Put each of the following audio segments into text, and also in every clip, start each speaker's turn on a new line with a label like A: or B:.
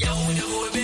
A: 要我，要会变。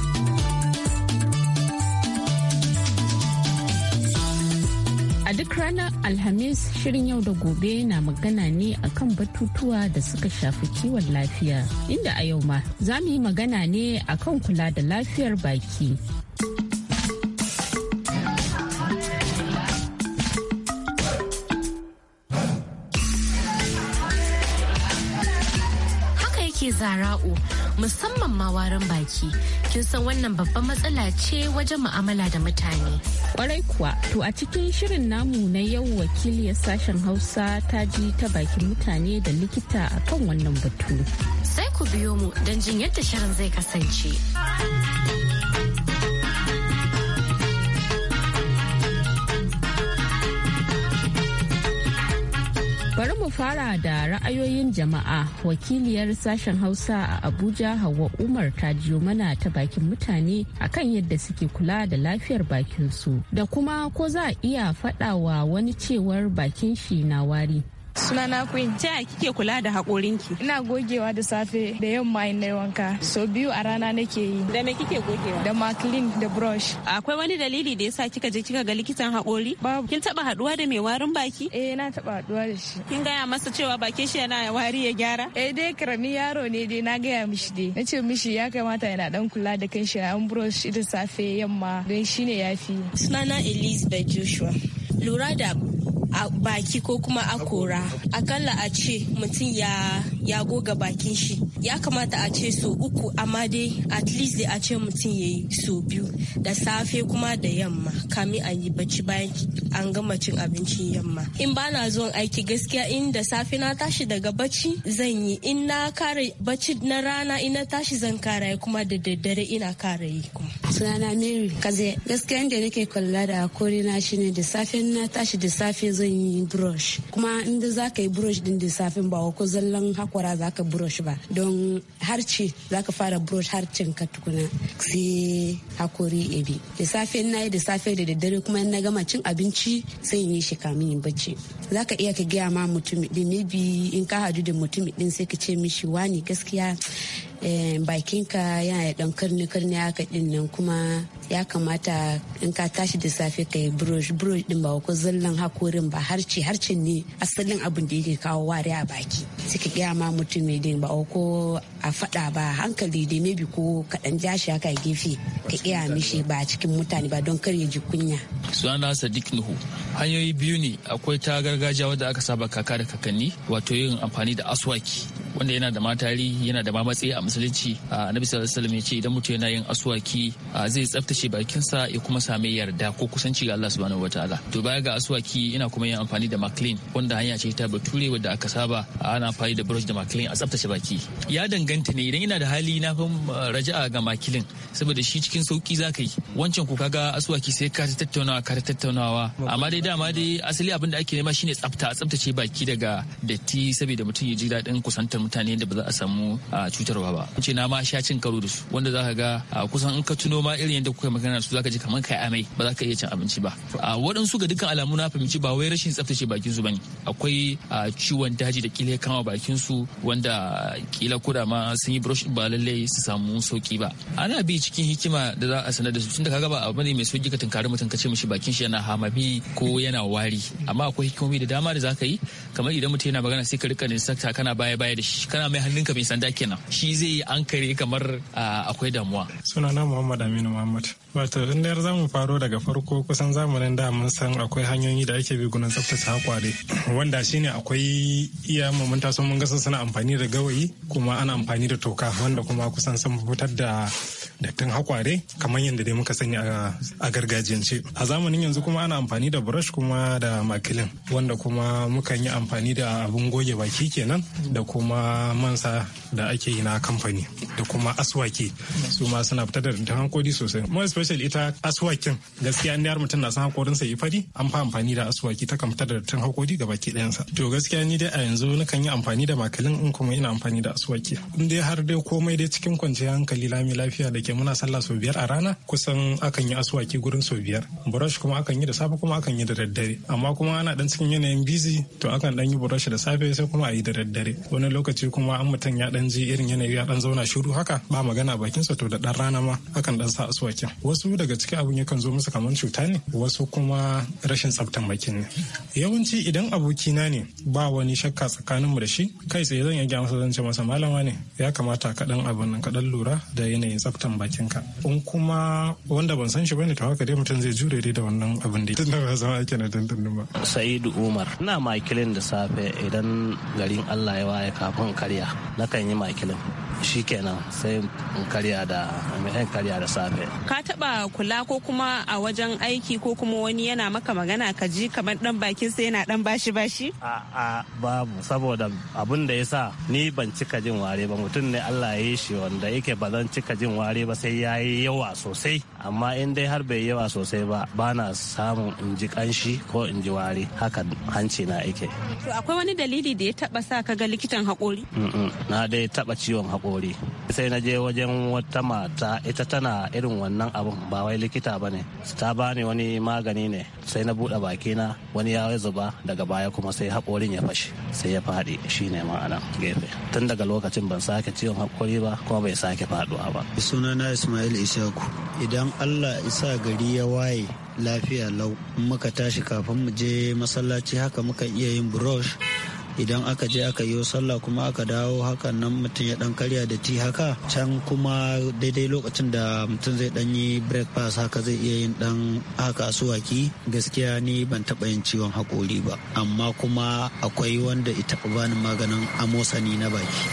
B: Duk ranar Alhamis shirin yau da gobe na magana ne akan batutuwa da suka shafi kiwon lafiya. Inda a yau ma za mu yi magana ne akan kula da lafiyar baki.
C: sara'u musamman ma warin baki kin san wannan babban matsala ce wajen mu'amala da mutane kwarai kuwa
B: to a cikin shirin namu na yau wakiliyar sashen hausa ta ji ta bakin mutane da likita akan wannan batu
C: sai ku biyo mu don jin yadda shirin zai kasance
B: fara da ra'ayoyin jama'a wakiliyar sashen Hausa a Abuja Hauwa Umar ta jiyo mana ta bakin mutane akan yadda suke kula da lafiyar bakinsu da kuma ko za a iya faɗawa wani cewar bakin shi na wari
D: Sunana Queen. Ta kike kula da hakorin ki. Ina gogewa da safe da yamma in nayi wanka. So biyu a rana nake yi. Da me kike gogewa? Da maklin da brush. Akwai wani dalili da yasa kika je kika ga likitan haƙori? Babu. Kin taba haɗuwa da mai warin baki? Eh na taba haɗuwa da shi. Kin gaya masa cewa bakin shi yana wari ya gyara? Eh dai karami yaro ne dai na gaya mishi dai. nace mishi ya kamata yana dan kula da kanshi na an brush da safe yamma don shine yafi. Sunana da Joshua. Lura da A baki ko kuma akora akalla a ce mutum ya goga bakin shi ya kamata a ce so uku amma dai at least dai a ce mutum ya yi so biyu da safe kuma da yamma kamin a yi bacci bayan an gama cin abincin yamma in ba na zuwan aiki gaskiya in da safe na tashi daga bacci zan yi in na kare bacci na rana in na tashi zan kara kuma da daddare ina kara yi kuma sunana mary kaze gaskiya inda nake kula da kore na shine da safe na tashi da safe zan yi brush kuma inda za ka yi brush din da safe ba ko zallan hakwara zaka ka brush ba don kaman harce ka fara brush harcin ka tukuna sai hakori ebi da safe na yi da safe da daddare kuma na gama cin abinci sai yi shi kamin yin bacci za ka iya ka gaya ma mutum din ne bi in ka hadu da mutum din sai ka ce mishi wani gaskiya Eh, bakinka yana da ɗan karni-karni haka ɗin nan kuma ya kamata in ka tashi da safe ka yi brush brush ɗin ba ko zallan hakorin ba harci harcin ne asalin abin da yake kawo wari a baki suka gaya ma mutum mai din ba ko a faɗa ba hankali dai maybe ko kaɗan jashi haka a gefe ka iya mishi ba cikin mutane ba don kar ya ji kunya.
E: sunana sadiq nuhu hanyoyi biyu ne akwai ta gargajiya wadda aka saba kaka da kakanni wato yin amfani da aswaki wanda yana da matari yana da mamatsi a musulunci annabi sallallahu ya ce idan mutum yana yin aswaki zai tsaftace bakinsa ya kuma sami yarda ko kusanci ga Allah subhanahu wataala to baya ga asuwaki yana kuma yin amfani da maclean wanda hanya ce ta bature wadda aka saba ana amfani da brush da maclean a tsaftace baki ya danganta ne idan yana da hali na fi raja'a ga makilin saboda shi cikin sauki za ka yi wancan ku kaga aswaki sai ka tattaunawa ka tattaunawa amma dai dama dai asali abin da ake nema shine tsafta a tsaftace baki daga datti saboda mutum ya ji daɗin kusantar mutane da ba za a samu cutarwa ba ce na ma sha cin karo da su wanda za ka ga kusan in ka tuno ma irin yadda kuka magana su za ka ji kamar kai amai ba za ka iya cin abinci ba a waɗansu ga dukkan alamu na fahimci ba wai rashin tsaftace bakin su bane akwai ciwon daji da kila kama bakin su wanda kila koda ma sun yi brush ba lallai su samu sauki ba ana bi cikin hikima da za a sanar da su tun da kaga gaba abu ne mai sauki ka tunkari mutum ka ce mishi bakin shi yana hamami ko yana wari amma akwai hikimomi da dama da za ka yi kamar idan mutum yana magana sai ka rika sakta kana baya baya da shi kana mai hannunka mai sanda kenan shi zai yi an kare kamar akwai damuwa
F: sunana muhammad aminu muhammad wato in da za mu faro daga farko kusan zamanin da mun san akwai hanyoyi da ake bi gunan tsaftace hakware wanda shine akwai iya mun taso mun ga suna amfani da gawayi kuma ana amfani da toka wanda kuma kusan sun fitar da dattin hakware kamar yadda dai muka sani a gargajiyance a zamanin yanzu kuma ana amfani da brush kuma da makilin wanda kuma mukan yi amfani da abun goge baki kenan da kuma mansa da ake yi na kamfani da kuma aswaki su ma suna fitar da dattin hankori sosai more especially ita aswakin gaskiya in mutum na san hakorinsa yi fari an fa amfani da aswaki ta kan da dattin hakori ga baki ɗayansa to gaskiya ni dai a yanzu nakan yi amfani da makilin in kuma ina amfani da aswaki in dai har dai komai dai cikin kwanciyar hankali lami lafiya da ke ke muna sallah sau biyar a rana kusan akan yi asuwaki gurin sau biyar brush kuma akan yi da safe kuma akan yi da daddare amma kuma ana dan cikin yanayin busy to akan dan yi brush da safe sai kuma a yi da daddare wani lokaci kuma an mutum ya dan je irin yanayi ya dan zauna shiru haka ba magana bakin sa to da dan rana ma akan dan sa aswakin wasu daga ciki abun yakan zo musu kamar cuta ne wasu kuma rashin tsaftan bakin ne yawanci idan abokina ne ba wani shakka tsakaninmu da shi kai sai zan iya masa zan ce masa malama ne ya kamata kaɗan abin nan dan lura da yanayin tsaftan bakin ka in kuma wanda ban san shi bane to haka dai mutum zai jure dai da wannan abin da tunda ba zama ake na dindindin ba
G: sa'idu umar ina makilin da safe idan garin allah ya waye kafin karya nakan yi makilin shi kenan sai in karya da in karya da safe
D: ka taba kula ko kuma a wajen aiki ko kuma wani yana maka magana ka ji kamar dan bakin sai yana dan bashi bashi
G: a babu saboda abun da yasa ni ban cika jin ware ba mutum ne Allah ya yi shi wanda yake ba zan cika jin ware ba sai yayi yawa sosai amma in dai har bai yawa sosai ba ba na samun in ji kanshi ko in ji wari haka hanci na ike.
D: To akwai wani dalili da ya taba sa ka ga likitan haƙori?
G: Na dai taba ciwon haƙori. Sai na je wajen wata mata ita tana irin wannan abun ba wai likita ba ne. Ta bani wani magani ne sai na buɗe na wani ya zuba daga baya kuma sai
H: haƙorin ya fashe sai ya
G: faɗi ne ma'ana gefe. Tun daga lokacin ban sake ciwon haƙori ba kuma bai sake faɗuwa ba.
H: Sunana Ismail Ishaku idan allah isa gari ya waye lafiya lau muka tashi kafin mu je masallaci haka muka iya yin brush idan aka je aka yi sallah kuma aka dawo haka nan mutum ya dan karya da ti haka can kuma daidai lokacin da mutum zai dan yi breakfast haka zai iya yin dan haka suwaki gaskiya ni ban taba yin ciwon hakori ba amma kuma akwai wanda ita bani maganin amosani na baki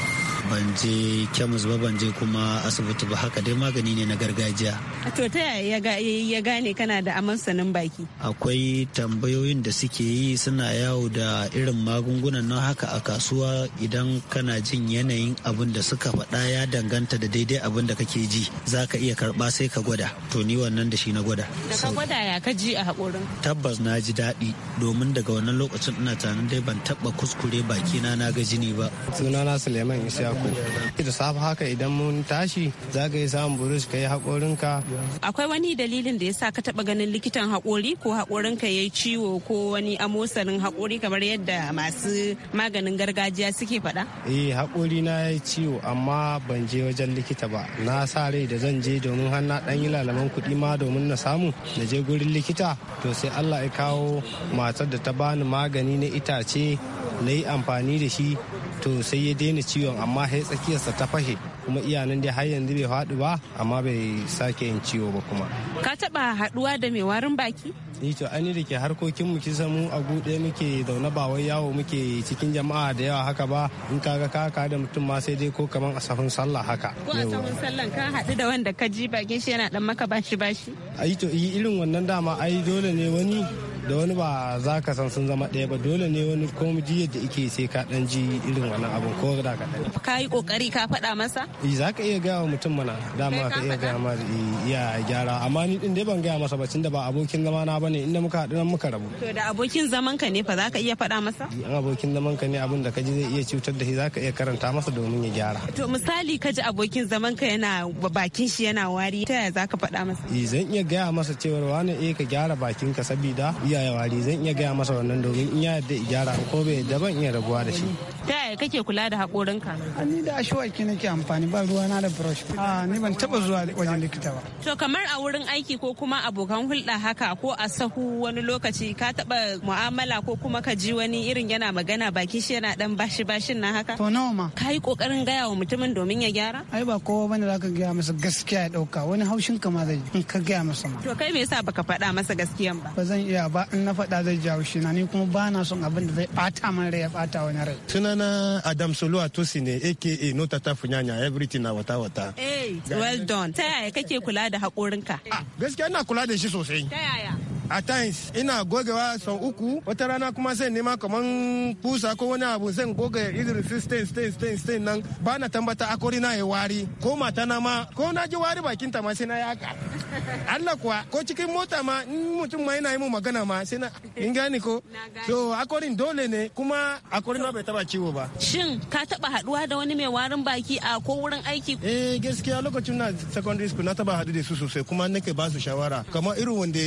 H: ban je kemis ba ban je kuma asibiti ba haka dai magani ne na gargajiya
D: To ta yaya ya gane kana da aman sanin baki?
H: Akwai tambayoyin da suke yi suna yawo da irin magungunan na haka a kasuwa idan kana jin yanayin abin da suka faɗa ya danganta da daidai abin da kake ji za ka iya karɓa sai ka gwada. To ni wannan da shi na gwada.
D: Da ka gwada ya ka ji a haƙorin?
H: Tabbas na ji daɗi domin daga wannan lokacin ina tunanin dai ban taɓa kuskure bakina na ga jini ba. Sunana Suleiman Isyaku. Da safe haka idan mun
G: tashi za ka yi samun burus ka yi haƙorinka
D: Akwai wani dalilin da ya sa ka taɓa ganin likitan haƙori ko haƙorinka ya yi ciwo ko wani amosanin haƙori kamar yadda masu maganin gargajiya suke faɗa?
G: Eh haƙori na ya ciwo amma ban je wajen likita ba. Na sa rai da zan je domin har na ɗan yi lalaman kuɗi ma domin na samu na je gurin likita to sai Allah ya kawo matar da ta bani magani na itace na yi amfani da shi to sai ya daina ciwon amma sai tsakiyarsa ta fahe kuma iyanan dai har yanzu bai faɗi ba amma bai sake yin ciwo ba kuma
D: ka taba haɗuwa da mai warin baki
G: ni to ani da ke harkokin mu kisa mu a gude muke zauna ba wai yawo muke cikin jama'a da yawa haka ba in ka ka ka da mutum ma sai dai ko kaman safin sallah haka ko a safin
D: sallah ka haɗu da wanda ka ji bakin shi yana dan maka bashi bashi
G: ai to irin wannan dama ai dole ne wani da wani ba za ka san sun zama ɗaya ba dole ne wani ko ji yadda ike sai ka dan ji irin wannan abin ko da ka dan
D: ka yi kokari ka faɗa masa
G: eh, za ka iya gaya wa mutum mana dama ka iya gaya ma eh, iya gyara amma ni din dai ban gaya masa ba tunda ba abokin zama na bane inda muka haɗu nan muka rabu
D: to da abokin zaman ka ne fa za ka iya faɗa masa eh,
G: in abokin zaman ka ne abin da ka ji zai iya cutar da shi za ka iya karanta masa domin ya gyara
D: to misali ka ji abokin zaman ka yana bakin shi yana wari ta yaya za ka faɗa masa
G: zan iya gaya masa cewar wani eh ka gyara bakin ka sabida iya ga yawari zan iya gaya masa wannan domin in ya yadda gyara ko bai daban ban iya rabuwa da shi.
H: Ta yaya kake kula da haƙorinka? Ni da ashwaki nake amfani ba ruwa na da brush. A ah, ni ban taɓa zuwa wajen likita ba.
D: To kamar a wurin aiki ko kuma abokan hulɗa haka ko a sahu wani lokaci ka taɓa mu'amala ko kuma ka ji wani irin yana magana baki shi yana ɗan bashi bashin na
H: haka? To nawa ma. Ka yi ƙoƙarin gaya wa mutumin domin ya gyara? Ai ba kowa bane za ka gaya masa gaskiya ya ɗauka wani haushin kama zai ka gaya masa ma.
D: To kai me yasa baka faɗa masa gaskiyan ba?
H: Ba zan iya ba in na faɗa zai jawo shi na ni kuma ba na son abin da zai bata min rai ya bata wani rai sunana
G: adam solo atosi ne aka no ta funyanya everything na wata wata eh well
D: done ta yaya kake kula da haƙorinka ah,
G: gaskiya ina kula da shi sosai ta yaya a times ina gogewa sau uku wata rana kuma zai nema kaman kusa ko wani abu zan goge irin su stain stain stain stain nan ba na tambata akwari na ya wari ko mata na ma ko na ji wari bakin ta ma sai na yaka Allah kuwa ko cikin mota ma in mutum ma yana yi mu magana ma sai na in gani ko so akorin dole ne kuma akorin na bai taba ciwo ba shin
D: ka taba haduwa da wani mai warin baki a ko wurin aiki
G: eh gaskiya lokacin na secondary school na taba hadu da su sosai kuma nake ba su shawara kamar irin wanda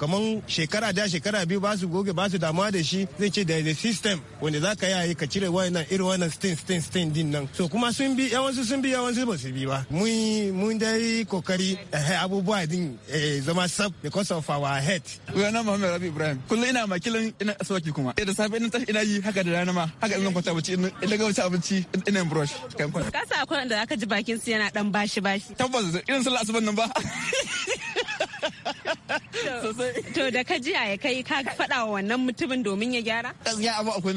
G: kamar idan shekara da shekara biyu ba su goge ba su damuwa da shi zai ce da the system wanda za ka yayi ka cire wannan irin wannan stain stain stain din nan so kuma sun bi yawansu sun bi yawansu ba su bi ba mun mun dai
I: kokari eh, abubuwa din eh, zama sab because of our head we na mama Rabi Ibrahim kullu ina makilin ina aswaki kuma eh da safe ina tashi ina yi haka da rana ma haka ina kwanta abinci ina ga wuce abinci ina brush kan kwana
D: ka sa kwana da zaka ji bakin su yana dan bashi bashi
I: tabbas irin sallah asuban nan ba
D: To da ka jiya ya kai ka faɗa wa wannan mutumin domin ya gyara?
I: Gaskiya abu akwai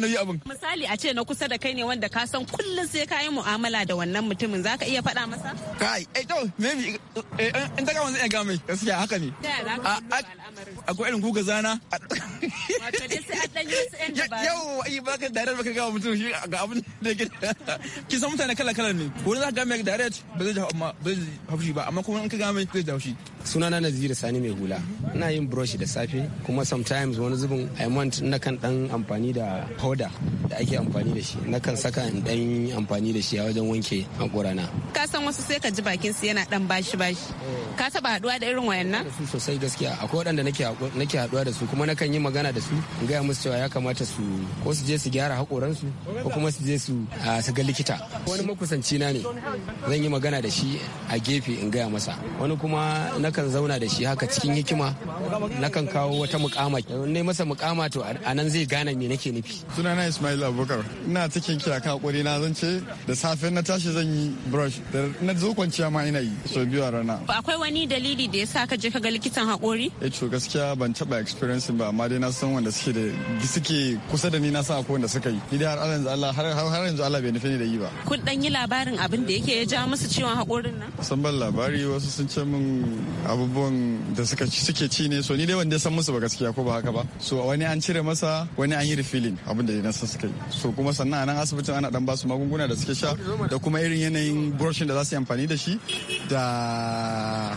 I: nauyi abin.
D: Misali a ce na kusa da kai ne wanda ka san kullum sai ka yi mu'amala da wannan mutumin za ka iya faɗa masa?
I: Kai, eh to maybe eh, eh, in ta kama zan iya gamai gaskiya haka ne. Akwai irin guga zana. Wato dai sai a ɗan yi Yau 'yan dabaru. Yau ai baka direct baka gawa mutum shi ga abin da ya Ki san mutane kala-kala ne. Wani za ka gamai direct ba zai ji haushi
J: ba amma kuma in ka gamai zai ji haushi. Sunana Naziru Sani. sani mai hula ina yin brush da safe kuma sometimes wani zubin i want na kan dan amfani da powder da ake amfani da shi na kan saka in dan amfani da shi a wajen wanke hakorana
D: ka san wasu sai ka ji bakin su yana dan
J: bashi bashi eh. ka taba haduwa da irin wayannan su sosai gaskiya akwai wadanda nake nake haduwa da su kuma na kan yi magana da su in gaya musu cewa ya kamata su ko su je su gyara hakoran su ko kuma su je su su ga likita wani makusanci na ne zan yi magana da shi a gefe in gaya masa wani kuma na kan zauna da shi haka cikin hikima na kan kawo wata mukama ne masa mukama to a nan zai gane me nake nufi sunana Ismail Abubakar
I: ina cikin kira kan hakuri na zan ce da safe na tashi zan yi brush da na zo kwanciya ma ina yi so biyu a rana
D: akwai wani dalili da yasa ka je ka ga likitan hakori
I: eh to gaskiya ban taba experience ba amma dai na san wanda suke da suke kusa da ni na san akwai wanda suka yi ni dai har yanzu Allah har yanzu Allah bai nufi ni da yi ba
D: kun dan yi labarin abin da yake ya ja musu ciwon hakorin nan
I: san ban labari wasu sun ce min abubuwan da suka suke ci ne so ni dai wanda san musu ba gaskiya ko ba haka ba so wani an cire masa wani an yi refilling abin da na suka yi so kuma sannan a nan asibitin ana dan basu magunguna da suke sha da kuma irin yanayin brushing da za su yi amfani da shi da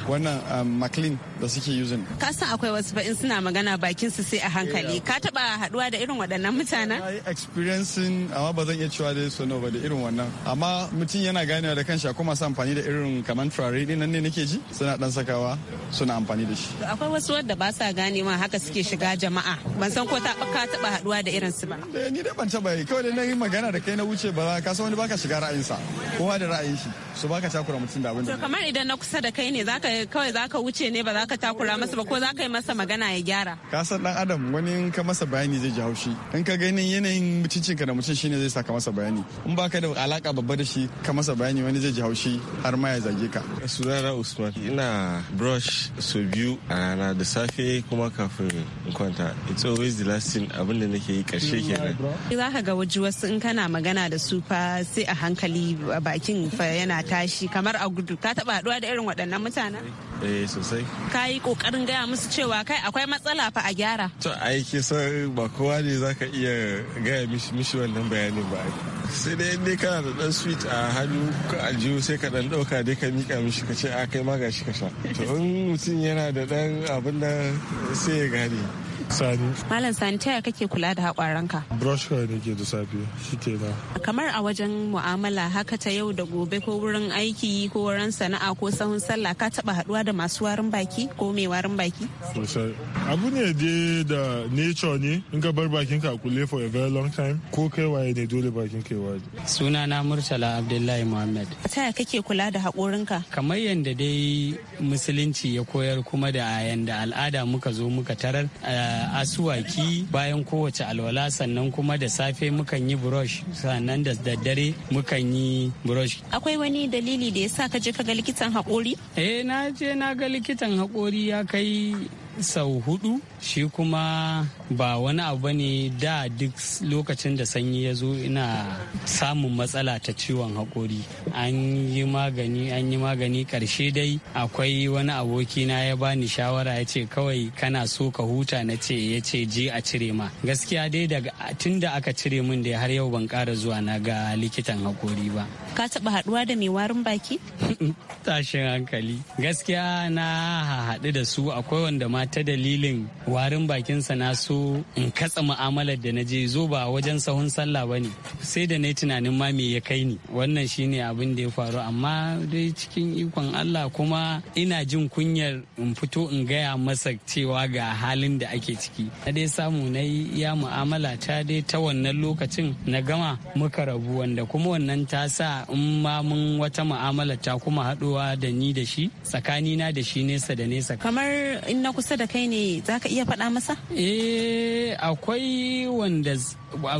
I: wannan um, maclean da suke using
D: ka san akwai wasu ba in suna magana bakin su sai a hankali ka taba haduwa da irin waɗannan mutanen experiencing
I: amma ba zan iya cewa dai so no ba da irin wannan amma mutum yana ganewa da kanshi kuma sa amfani da irin kamar turare din nan ne nake ji suna dan sakawa suna amfani amfani da shi
D: akwai wasu wadda ba sa gane ma haka suke shiga jama'a ban san ko ta ka taba haduwa da irin su ba
I: eh, ni dai ban taba yi kawai dai na yi magana da kai na wuce ba ka san wani baka shiga ra'ayinsa kowa da ra'ayin shi Su baka takura mutum da abin da
D: kamar idan na kusa da kai ne zaka kawai zaka wuce ne ba zaka takura masa ba ko zaka yi masa magana ya gyara
I: ka san dan adam wani in ka masa bayani zai ji haushi in ka gani yanayin ka da mutum shine zai saka masa bayani in baka da alaka babba da shi ka masa bayani wani zai ji haushi har ma ya zage ka sunana usman ina brush so biyu a rana da safe kuma kafin in kwanta it's always the last thing abin da nake yi karshe kenan
D: za ka ga waje wasu in kana magana da su fa sai a hankali bakin fa yana tashi kamar a gudu ka taba haduwa da irin waɗannan mutanen eh sosai ka yi kokarin gaya musu cewa kai akwai matsala fa a gyara
I: to aiki sai ba kowa ne zaka iya gaya mishi wannan bayanin ba sai da yadda kana da dan sweet a hannu ka aljihu sai ka dan dauka dai ka mika mishi ka ce a ah, kai ma gashi ka sha to in mutum yana da dan abin da sai ya gane Sani.
D: Malam Sani ta kake kula da haƙwaranka?
I: Brush kawai nake da safe shi kenan.
D: Kamar a wajen mu'amala haka ta yau da gobe ko wurin aiki ko wurin sana'a ko sahun sallah ka taɓa haɗuwa da masu warin baki ko mai warin baki?
F: Sosai. Abu ne dai
J: da nature ne in ka bar bakin ka a kulle for a very long time ko kai waye ne dole bakin kai waje. Suna na Murtala Abdullahi Muhammad.
D: Ta kake kula da haƙorinka?
J: Kamar yadda dai musulunci ya koyar kuma da yanda al'ada muka zo muka tarar eh, asuwaki bayan kowace alwala sannan kuma da safe mukan yi brush sannan da daddare mukan yi brush. Akwai wani dalili da ya sa ka je ka ga likitan hakori. Eh na je na ga likitan hakori ya kai sau hudu shi kuma ba wani abu ne da duk lokacin da sanyi ya zo ina samun matsala ta ciwon haƙori an yi magani an yi magani karshe dai akwai wani abokina ya bani shawara ya ce kawai kana so ka huta na ce ya ce je a cire ma gaskiya dai daga tun da aka cire min da har yau ban kara zuwa na ga likitan haƙori ba
D: ka taɓa haɗuwa da mai warin baki
J: tashin hankali gaskiya na haɗu da su akwai wanda ma ta dalilin warin bakinsa na so in katsa mu'amalar da na je zo ba wajen sahun sallah ba ne sai da na tunanin ma me ya kai ni wannan shine abin da ya faru amma dai cikin ikon Allah kuma ina jin kunyar in fito in gaya masa cewa ga halin da ake ciki na dai samu na ya mu'amala ta dai ta wannan lokacin na gama muka rabu wanda kuma wannan ta sa in ma mun wata mu'amala ta kuma haɗuwa da ni da shi tsakanina da shi nesa da nesa kamar in na kusa kusa da kai ne za ka iya faɗa masa? Eh akwai wanda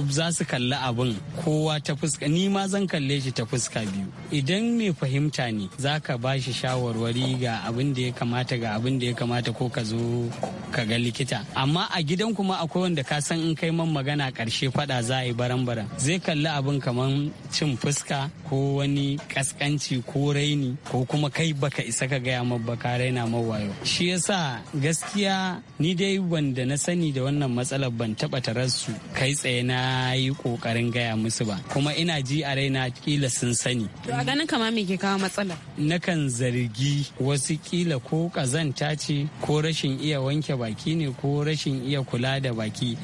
J: za su kalli abin kowa ta fuska ni ma zan kalle shi ta fuska biyu idan mai fahimta ne za ka ba shi shawarwari ga abin da ya kamata ga abin da ya kamata ko ka zo ka ga likita amma a gidan kuma akwai wanda ka san in kai man magana karshe fada za a yi baran-baran zai kalli abin kamar cin fuska ko wani kaskanci ko raini ko kuma kai baka isa ka gaya ma baka raina wayo shi yasa gaskiya ni dai wanda na sani da wannan matsalar ban taba tarar su kai tsaye na yi kokarin gaya musu ba kuma ina ji a raina kila sun sani
D: to a ganin kama me ke kawo matsala
J: nakan zargi wasu kila ko kazanta ce ko rashin iya wanke baki ne ko rashin iya kula da baki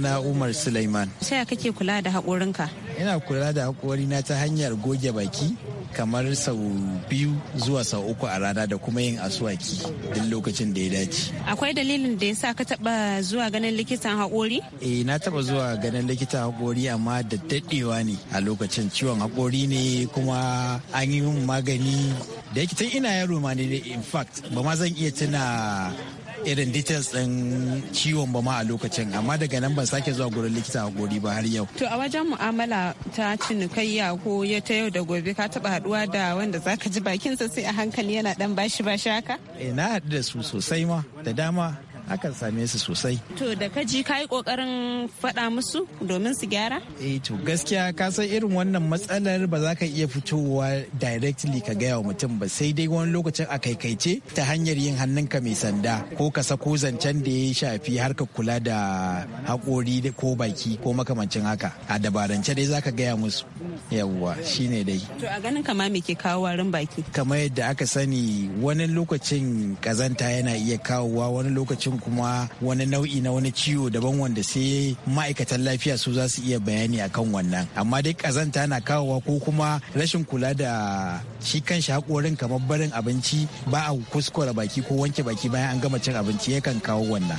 J: na umar suleiman
K: sai kake kula da haƙorinka ina kula da hakori na ta hanyar goge baki kamar sau biyu zuwa sau uku a rana da kuma yin asuwaki duk lokacin da ya dace.
D: Akwai dalilin da ya sa ka taba zuwa ganin likitan haƙori?
K: Eh na taba zuwa ganin likitan haƙori amma da daɗewa ne a lokacin ciwon haƙori ne kuma an yi magani da yake tun ina yaro ma ne in fact ba ma zan iya tuna irin details din ciwon ba ma a lokacin amma daga nan ban sake zuwa gurin likita a gori ba har yau
D: to a wajen mu'amala ta cinikayya ko ya ta yau da gobe ka taba haduwa da wanda zaka ji bakinsa sai a hankali yana dan bashi
K: ba shaka? eh na haɗu da su sosai ma da dama akan same su sosai
D: to da kaji kayi kokarin faɗa musu domin su gyara
K: eh to gaskiya ka san irin wannan matsalar ba za ka iya fitowa directly ka gaya wa mutum ba sai dai wani lokacin a kaikaice ta hanyar yin hannunka mai sanda ko ka sako zancen da ya shafi harkar kula da haƙori ko baki ko makamancin haka a dabarance dai za ka gaya musu yawwa shine dai
D: to a ganin kama me ke kawo warin baki
K: kamar yadda aka sani wani lokacin kazanta yana iya kawowa wani lokacin kuma wani nau'i na wani ciwo daban wanda sai ma'aikatan lafiya su za su iya bayani akan wannan amma dai kazanta na kawowa ko kuma rashin kula da shi kan hakorin kamar barin abinci ba a kuskura baki ko wanke baki bayan an gama cin abinci yakan kawo wannan.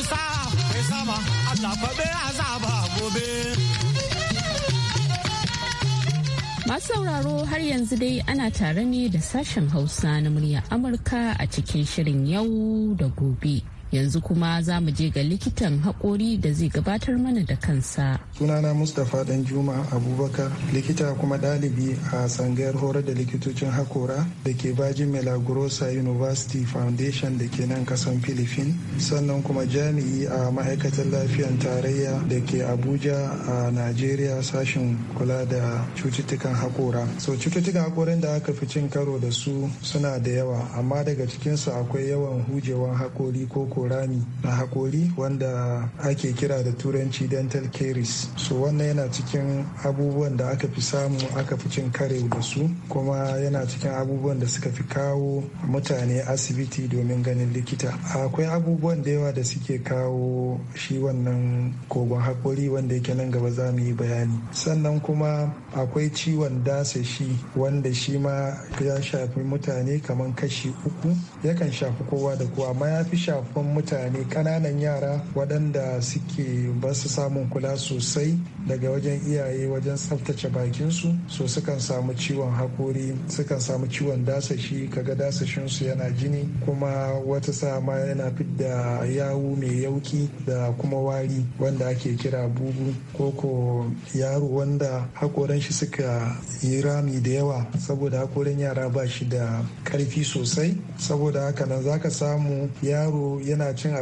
A: musa mai sama allah gobe
B: Masu sauraro har yanzu dai ana tare ne da sashen Hausa na murya Amurka a cikin shirin yau da gobe. yanzu kuma za mu je ga likitan haƙori da zai gabatar mana da kansa
L: sunana mustapha dan juma abubakar likita kuma ɗalibi a sangayar horar da likitocin haƙora da ke bajin melagrosa university foundation da ke nan kasan filifin sannan kuma jami'i a ma'aikatan lafiyan tarayya da ke abuja a nigeria sashen kula da cututtukan haƙora so cututtukan haƙorin da aka fi cin karo da su suna da yawa amma daga cikinsu akwai yawan hujewan hakori ko ko na hakori wanda ake kira da turanci dental caries so wannan yana cikin abubuwan da aka fi samu aka fi cin kare da su kuma yana cikin abubuwan da suka fi kawo mutane asibiti domin ganin likita akwai abubuwan da yawa da suke kawo shi wannan kogon hakori wanda yake nan gaba za mu yi bayani sannan kuma akwai ciwon dasashi wanda shi ma ya shafi mutane kamar kashi uku yakan shafi kowa da kowa amma ya fi shafan mutane kananan yara waɗanda suke ba su samun kula sosai daga wajen iyaye wajen tsaftace bakinsu so sukan samu ciwon hakori sukan samu ciwon dasashi kaga dasashinsu yana jini kuma wata sama yana fidda yawu mai yauki da kuma wari wanda ake kira bugu koko yaro wanda hakoran shi suka yi rami da yawa saboda hakoran yara ba shi da karfi sosai saboda haka nan zaka samu yaro yana cin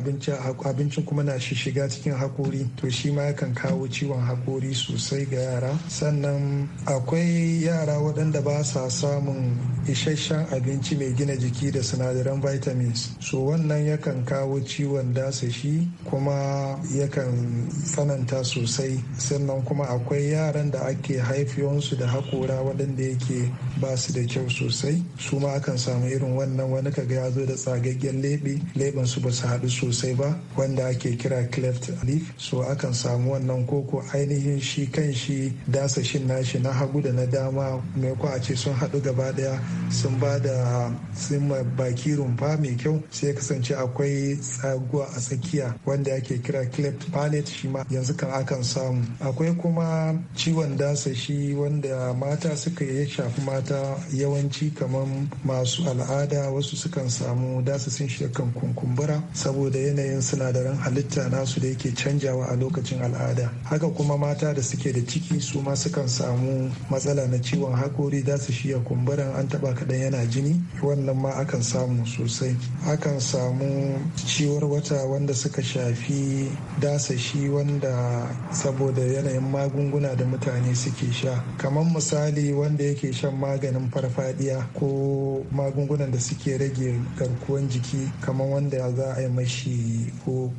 L: abinci kuma na shiga cikin hakori to shi ma yakan kawo ciwon hakori haƙori sosai ga yara sannan akwai yara waɗanda ba sa samun isasshen abinci mai gina jiki da sinadaran vitamins so wannan yakan kawo ciwon dasashi kuma yakan tsananta sosai sannan kuma akwai yaran da ake haifiyonsu da haƙora waɗanda yake ba su da kyau sosai su ma akan samu irin wannan wani kaga ya zo da tsagaggen leɓe leɓen su ba su haɗu sosai ba wanda ake kira cleft leaf so akan samu wannan koko ainihin ainihin shi kan shi dasashin nashi na hagu da na dama mai kwa a ce sun haɗu gaba ɗaya sun ba da sun baki rumfa mai kyau sai kasance akwai tsaguwa a tsakiya wanda ake kira cleft palate shi ma yanzu kan akan samu akwai kuma ciwon dasashi wanda mata suka ya shafi mata yawanci kamar masu al'ada wasu sukan samu dasashin shi kan kunkumbura saboda yanayin sinadaran halitta nasu da yake canjawa a lokacin al'ada haka kuma mata da suke da ciki su ma sukan samu matsala na ciwon hakori za su shiya kumburin an taba kaɗan yana jini wannan ma akan samu sosai akan samu ciwar wata wanda suka shafi dasashi wanda saboda yanayin magunguna da mutane suke sha kamar misali wanda yake shan maganin farfadiya ko magungunan da suke rage garkuwan jiki kamar wanda za a yi mashi ko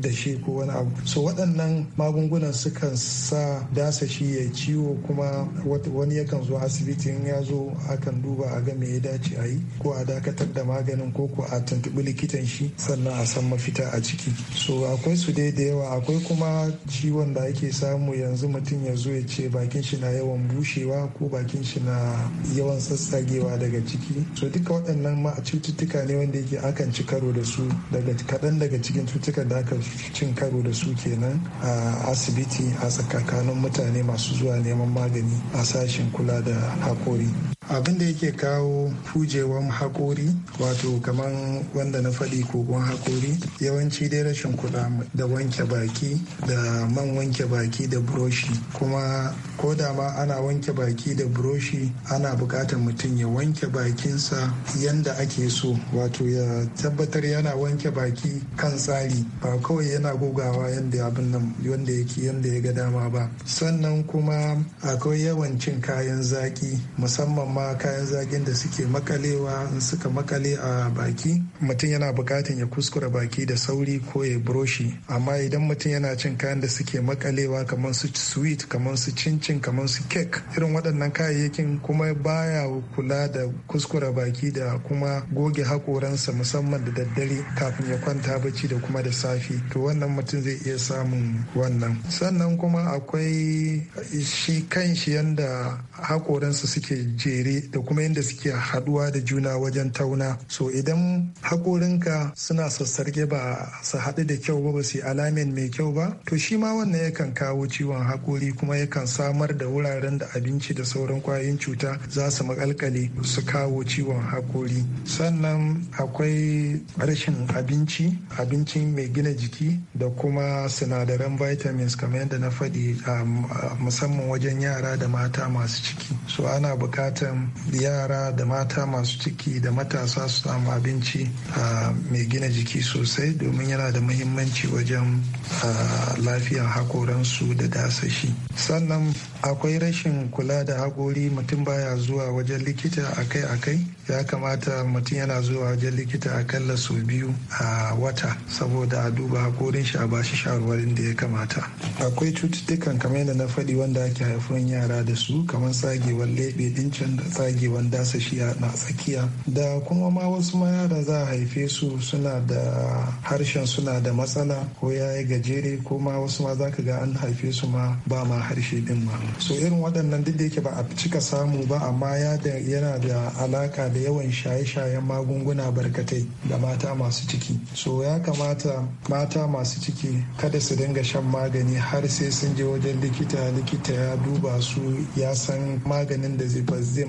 L: da shi ko wani abu so waɗannan magungunan sukan sa dasa shi ya ciwo kuma wani yakan zo asibiti in ya zo akan duba a ga ya dace a yi ko a dakatar da maganin ko ko a tuntuɓi likitan shi sannan a san mafita a ciki so akwai su dai da yawa akwai kuma ciwon da ake samu yanzu mutum ya zo ya ce bakin shi na yawan bushewa ko bakin shi na yawan sassagewa daga ciki so duka waɗannan ma cututtuka ne wanda yake akan ci karo da su daga kaɗan daga cikin cutukan da aka cin karo da su kenan a asibiti a tsakanin mutane masu zuwa neman magani a sashen kula da hakori abin da yake kawo hujewan hakori wato kamar wanda na faɗi kogon hakori yawanci dai rashin kuɗa da wanke baki da man wanke baki da buroshi kuma ko da ma ana wanke baki da buroshi ana buƙatar mutum ya wanke bakinsa yanda ake so wato ya tabbatar yana wanke baki kan tsari ba kawai yana gogawa yanda abin nan wanda yake yanda ya ga dama ba sannan kuma akwai yawan cin kayan zaki musamman kuma kayan zagin da suke makalewa in suka makale a baki mutum yana bukatan ya kuskura baki da sauri ko ya broshi amma idan mutum yana cin kayan da suke makalewa kamar su sweet kamar su cincin kamar su cake irin waɗannan kayayyakin kuma baya kula da kuskura baki da kuma goge hakoransa musamman da daddare kafin ya kwanta bacci da kuma da safe to wannan mutum zai iya samun wannan sannan kuma akwai shi kan shi yanda hakoransa suke jere jere da kuma yadda suke haduwa da juna wajen tauna so idan haƙorinka suna sassarge ba su haɗu da kyau ba ba su alamin mai kyau ba to shi ma wannan yakan kawo ciwon haƙori kuma yakan samar da wuraren da abinci da sauran kwayoyin cuta za su makalkale su kawo ciwon haƙori sannan akwai rashin abinci abinci mai gina jiki da kuma sinadaran vitamins kamar yadda na faɗi um, musamman wajen yara da mata masu ciki so ana buƙatar yara da mata masu ciki da matasa su samu abinci mai gina jiki sosai domin yana da muhimmanci wajen lafiyar hakoransu da dasashi sannan akwai rashin kula da hakori mutum baya zuwa wajen likita akai-akai ya kamata mutum yana zuwa wajen likita akalla sau biyu a wata saboda a duba hakorin shi a bashi shawarwarin da ya kamata akwai cututtukan kamar yadda na faɗi wanda ake haifar yara da su kamar tsagewar leɓe ɗin da tsagewan dasashi a tsakiya da kuma ma wasu ma yaran za a haife su suna da harshen suna da matsala ko ya yi gajere ko ma wasu ma za ka ga an haife su ma ba ma harshe din ma so irin waɗannan duk da yake ba a cika samu ba amma ya yana da alaka da yawan shaye-shayen magunguna barkatai da mata masu ciki so ya kamata mata masu ciki kada su dinga shan magani har sai sun je wajen likita likita ya duba su ya san maganin da zai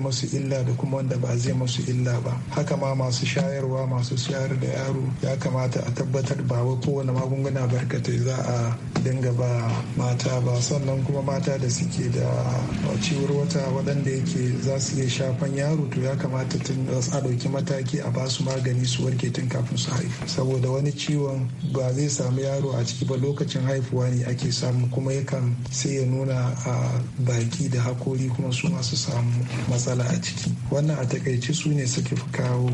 L: masu illa da kuma wanda ba zai masu illa ba haka ma masu shayarwa masu shayar da yaro ya kamata a tabbatar ba wa kowane magunguna barkatai za a dinga ba mata ba sannan kuma mata da suke da ciwar wata waɗanda yake za su iya shafan yaro to ya kamata tun a ɗauki mataki a ba su magani su warke tun kafin su haifu saboda wani ciwon ba zai samu yaro a ciki ba lokacin haifuwa ne ake samu kuma yakan sai ya nuna a baki da hakori kuma su masu samu matsala matsala a ciki wannan a takaice su ne suke fi kawo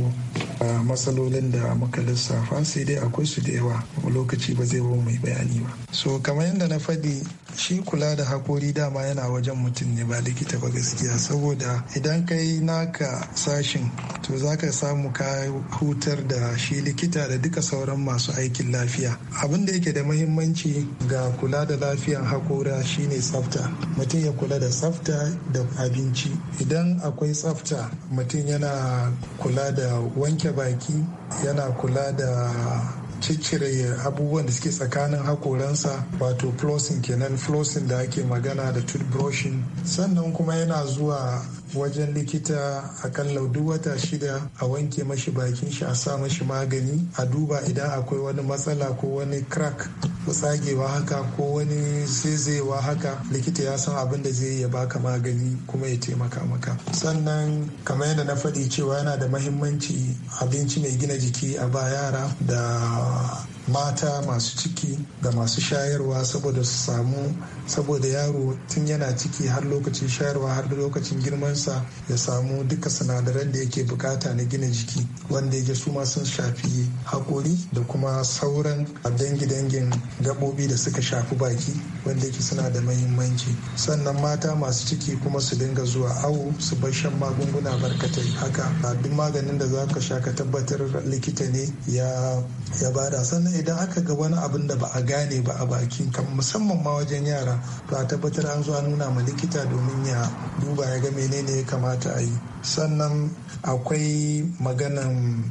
L: matsalolin da muka lissafa sai dai akwai su da yawa lokaci ba zai ba mai bayani ba so kamar yadda na faɗi shi kula da hakori dama yana wajen mutum ne ba likita ba gaskiya saboda idan kai naka sashin to za ka samu ka hutar da shi likita da duka sauran masu aikin lafiya abin da yake da mahimmanci ga kula da lafiyan hakora shine tsafta mutum ya kula da tsafta da abinci idan akwai tsafta mutum yana kula da wanke baki yana kula da ciccire abubuwan da suke tsakanin hakoransa wato flossing kenan flossing da ake magana da toothbrushing sannan kuma yana zuwa wajen likita a kan duk wata shida a wanke mashi bakin shi a sa mashi magani a duba idan akwai wani matsala ko wani crack ko tsagewa haka ko wani zezewa haka likita ya san abin da zai ya baka magani kuma ya taimaka maka sannan kamar yadda na faɗi cewa yana da mahimmanci abinci mai gina jiki a ba yara da mata masu ciki da masu shayarwa saboda su samu saboda yaro tun yana ciki har lokacin shayarwa har lokacin girman sa ya samu duka sinadaran da yake bukata na gina jiki wanda yake su ma sun shafi haƙori da kuma sauran dangi-dangin gaɓoɓi da suka shafi baki wanda yake suna da mahimmanci sannan mata masu ciki kuma su dinga zuwa awo su bar shan magunguna barkatai haka duk maganin da za ka sha ka tabbatar likita ne ya ya bada sannan idan aka ga wani abin da ba a gane ba a baki kan musamman ma wajen yara to a tabbatar an zuwa nuna ma likita domin ya duba ya ga menene ne kamata a yi sannan akwai maganan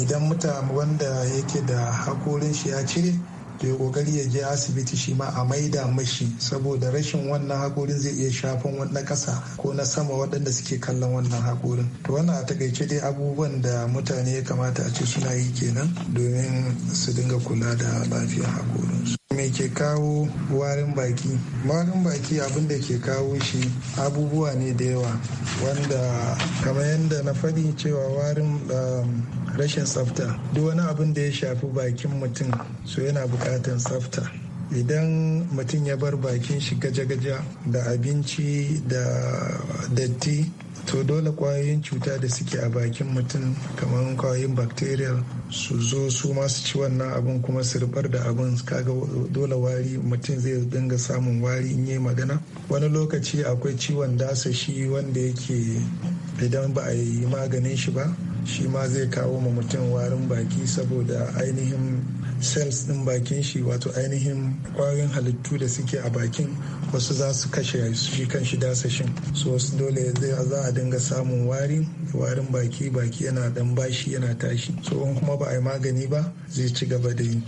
L: idan mutane wanda yake da hakorin shi ya cire ya kokari ya je asibiti shi ma a maida mashi saboda rashin wannan hakorin zai iya shafan na kasa ko na sama waɗanda suke kallon wannan hakorin to wannan a takaice dai abubuwan da mutane ya kamata a ce suna yi kenan domin su dinga kula da lafiyar hakorinsu me ke kawo warin baki warin baki abin da ke kawo shi abubuwa ne da yawa wanda kamar yadda na faɗi cewa warin um, rashin tsafta duk wani abin da ya shafi bakin mutum so yana bukatar tsafta idan mutum ya bar bakin shi gaja-gaja da abinci da datti to dole kwayoyin cuta da suke a bakin mutum kamar kwayoyin bacterial su zo su masu ci wannan abin kuma su rubar da abin kaga dole wari mutum zai dinga samun wari in yi magana wani lokaci akwai ciwon dasa shi wanda yake idan ba a yi maganin shi ba shi ma zai kawo ma mutum warin baki saboda ainihin cells din bakin shi wato ainihin kwarin halittu da suke a bakin wasu za su kashe shi kan shi dasashin so wasu dole za a dinga samun wari warin baki baki yana dan bashi yana tashi so in kuma ba a yi magani ba zai ci gaba da yi ni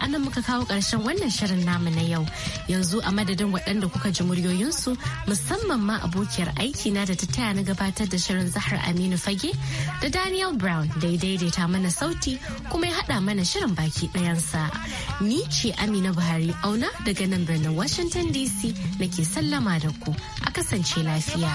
C: anan muka kawo ƙarshen wannan shirin namu na yau yanzu a madadin waɗanda kuka ji muryoyinsu musamman ma abokiyar aiki na da ta taya na gabatar da shirin zahar aminu fage da daniel brown da ya daidaita mana sauti kuma ya haɗa mana shirin baki ɗayansa ni ce amina buhari auna daga nan birnin washington dc na ke sallama da ku a kasance lafiya.